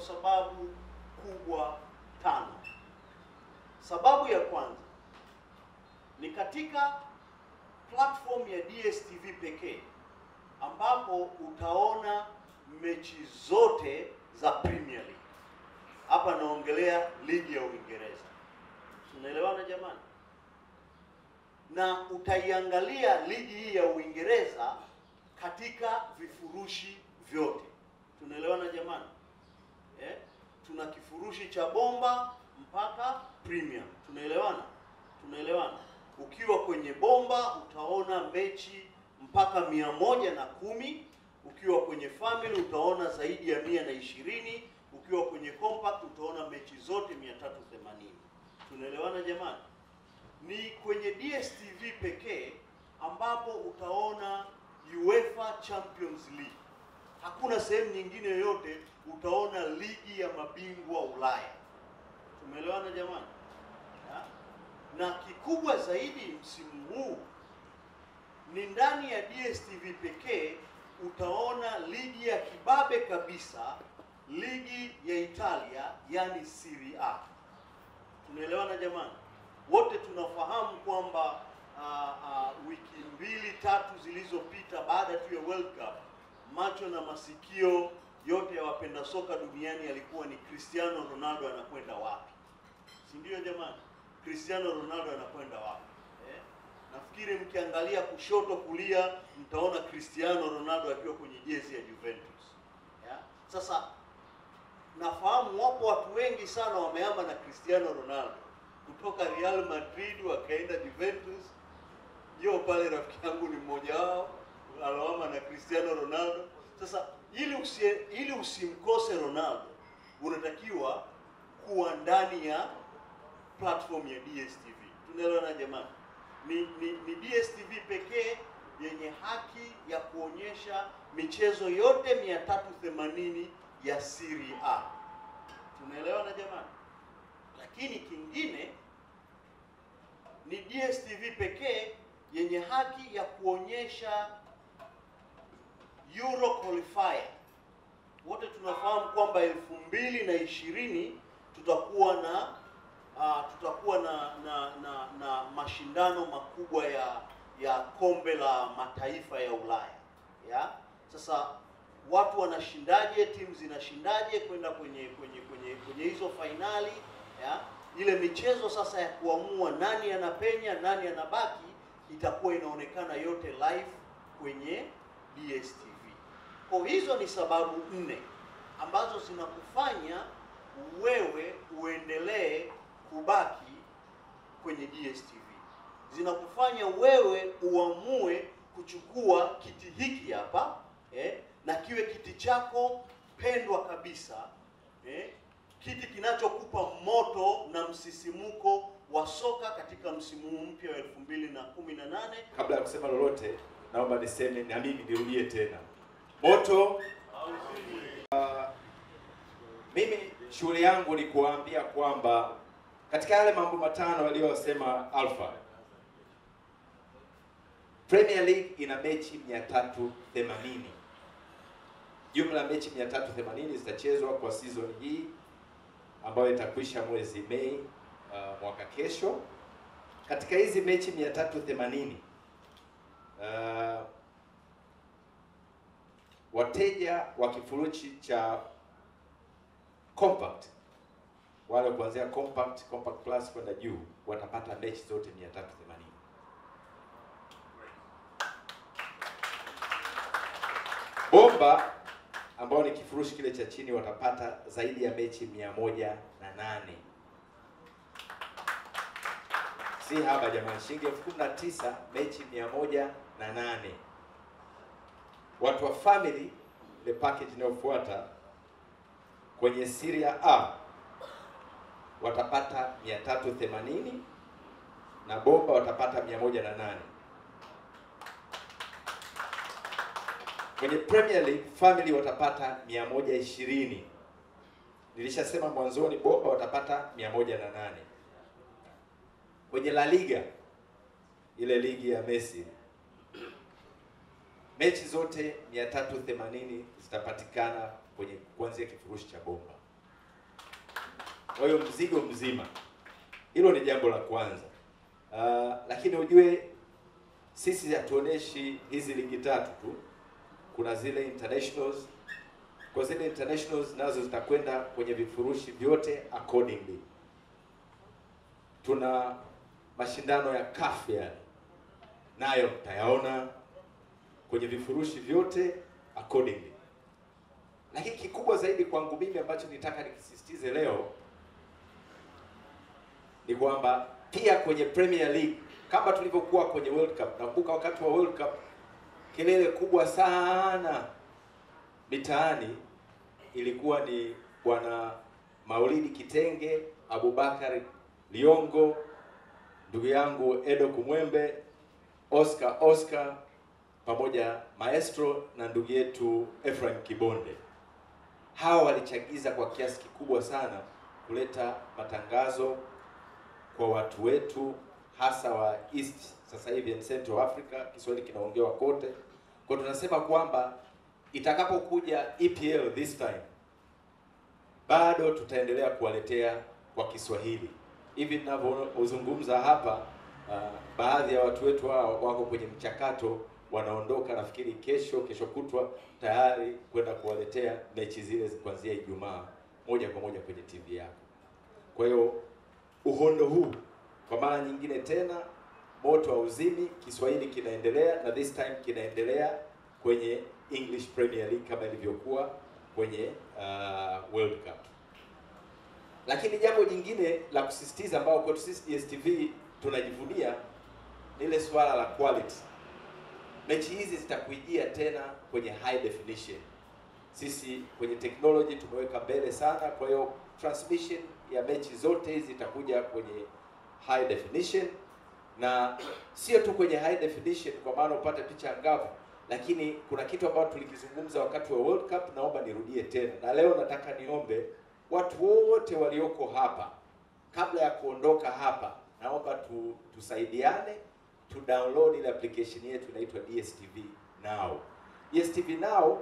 kwa sababu kubwa tano. Sababu ya kwanza ni katika platform ya DSTV pekee ambapo utaona mechi zote za Premier League. Hapa naongelea ligi ya Uingereza, tunaelewana jamani? Na utaiangalia ligi hii ya Uingereza katika vifurushi vyote, tunaelewana jamani? eh, tuna kifurushi cha bomba mpaka premium. Tunaelewana? Tunaelewana? Ukiwa kwenye bomba utaona mechi mpaka mia moja na kumi. Ukiwa kwenye family utaona zaidi ya mia na ishirini. Ukiwa kwenye compact utaona mechi zote themanini. Tunaelewana jamani? Ni kwenye DStv pekee ambapo utaona UEFA Champions League. Hakuna sehemu nyingine yoyote utaona ligi ya mabingwa Ulaya. Tumeelewana jamani? Ha? Na kikubwa zaidi msimu huu ni ndani ya DStv pekee utaona ligi ya kibabe kabisa, ligi ya Italia, yani Serie A. Tunaelewana jamani? Wote tunafahamu kwamba uh, uh, wiki mbili tatu zilizopita baada tu ya World Cup macho na masikio yote ya wapenda soka duniani yalikuwa ni Cristiano Ronaldo anakwenda wapi, si ndio jamani? Cristiano Ronaldo anakwenda wapi eh? Nafikiri mkiangalia kushoto kulia, mtaona Cristiano Ronaldo akiwa kwenye jezi ya Juventus yeah? Sasa nafahamu wapo watu wengi sana wameamba na Cristiano Ronaldo kutoka Real Madrid wakaenda Juventus. Yo pale rafiki yangu ni mmoja wao alama na Cristiano Ronaldo. Sasa ili usie, ili usimkose Ronaldo unatakiwa kuwa ndani ya platform ya DStv. Tunaelewana jamani? Ni, ni, ni DStv pekee yenye haki ya kuonyesha michezo yote 380 ya Serie A. Tunaelewana jamani? Lakini kingine ni DStv pekee yenye haki ya kuonyesha Euro qualifier. Wote tunafahamu kwamba elfu mbili na ishirini tutakuwa na uh, tutakuwa na na, na na mashindano makubwa ya ya kombe la mataifa ya Ulaya ya sasa watu wanashindaje, timu zinashindaje kwenda kwenye kwenye kwenye kwenye hizo fainali ya ile michezo sasa ya kuamua nani anapenya nani anabaki, itakuwa inaonekana yote live kwenye DSTV. Kwa hizo ni sababu nne ambazo zinakufanya wewe uendelee kubaki kwenye DStv, zinakufanya wewe uamue kuchukua kiti hiki hapa eh, na kiwe kiti chako pendwa kabisa eh, kiti kinachokupa moto na msisimuko wa soka katika msimu mpya wa 2018. Kabla ya kusema lolote, naomba niseme na mimi nirudie tena moto. Uh, mimi shughuli yangu ni kuwaambia kwamba katika yale mambo matano aliyosema Alpha, Premier League ina mechi 380 jumla mechi 380 zitachezwa kwa season hii ambayo itakwisha mwezi Mei uh, mwaka kesho. Katika hizi mechi 380 uh, wateja wa kifurushi cha compact wale kuanzia compact compact plus kwenda juu watapata mechi zote 380. Bomba ambao ni kifurushi kile cha chini watapata zaidi ya mechi mia na nane. Si haba jamani, shilingi elfu kumi na tisa mechi mia na nane watu wa family, the package inayofuata kwenye Serie A watapata 380 na bomba watapata 108. Kwenye Premier League family watapata 120. Nilishasema mwanzoni bomba watapata 108. Kwenye La Liga ile ligi ya Messi mechi zote 380 zitapatikana kwenye kuanzia kifurushi cha bomba. Kwa hiyo mzigo mzima, hilo ni jambo la kwanza. Uh, lakini ujue sisi hatuoneshi hizi ligi tatu tu, kuna zile internationals. Kwa zile internationals nazo zitakwenda kwenye vifurushi vyote accordingly. Tuna mashindano ya CAF nayo mtayaona kwenye vifurushi vyote accordingly. Lakini kikubwa zaidi kwangu mimi ambacho nitaka nikisisitize leo ni kwamba pia kwenye Premier League kama tulivyokuwa kwenye World Cup, nakumbuka wakati wa World Cup kelele kubwa sana mitaani ilikuwa ni bwana Maulidi Kitenge, Abubakar Liongo, ndugu yangu Edo Kumwembe, Oscar Oscar pamoja maestro na ndugu yetu Ephraim Kibonde. Hawa walichagiza kwa kiasi kikubwa sana kuleta matangazo kwa watu wetu hasa wa East sasa hivi in Central Africa, Kiswahili kinaongewa kote. Kwa tunasema kwamba itakapokuja EPL this time bado tutaendelea kuwaletea kwa Kiswahili. Hivi tunavyozungumza hapa, uh, baadhi ya watu wetu hao wako kwenye mchakato wanaondoka nafikiri kesho kesho kutwa tayari kwenda kuwaletea mechi zile kuanzia Ijumaa moja kwa moja kwenye TV yako. Kwa hiyo uhondo huu kwa mara nyingine tena moto hauzimi, Kiswahili kinaendelea na this time kinaendelea kwenye English Premier League kama ilivyokuwa kwenye uh, World Cup. Lakini jambo jingine la kusisitiza ambao kwetu sisi DStv tunajivunia ni ile swala la quality mechi hizi zitakujia tena kwenye high definition. Sisi kwenye technology tumeweka mbele sana, kwa hiyo transmission ya mechi zote hizi itakuja kwenye high definition, na sio tu kwenye high definition kwa maana upate picha angavu, lakini kuna kitu ambacho tulikizungumza wakati wa World Cup, naomba nirudie tena, na leo nataka niombe watu wote walioko hapa, kabla ya kuondoka hapa, naomba tu, tusaidiane tu download ile application yetu inaitwa DSTV Now. DSTV Now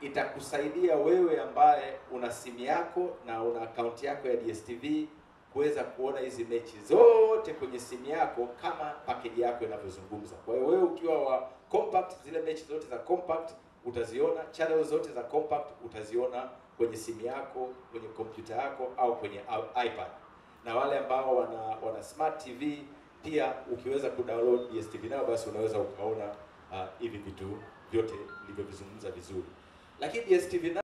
itakusaidia wewe ambaye una simu yako na una akaunti yako ya DSTV kuweza kuona hizi mechi zote kwenye simu yako kama pakeji yako inavyozungumza. Kwa hiyo wewe ukiwa wa compact, zile mechi zote za compact utaziona, channel zote za compact utaziona kwenye simu yako, kwenye kompyuta yako au kwenye iPad, na wale ambao wana, wana smart TV pia ukiweza kudownload DSTV nayo basi unaweza ukaona uh, hivi uh, vitu vyote nilivyovizungumza vizuri, lakini DSTV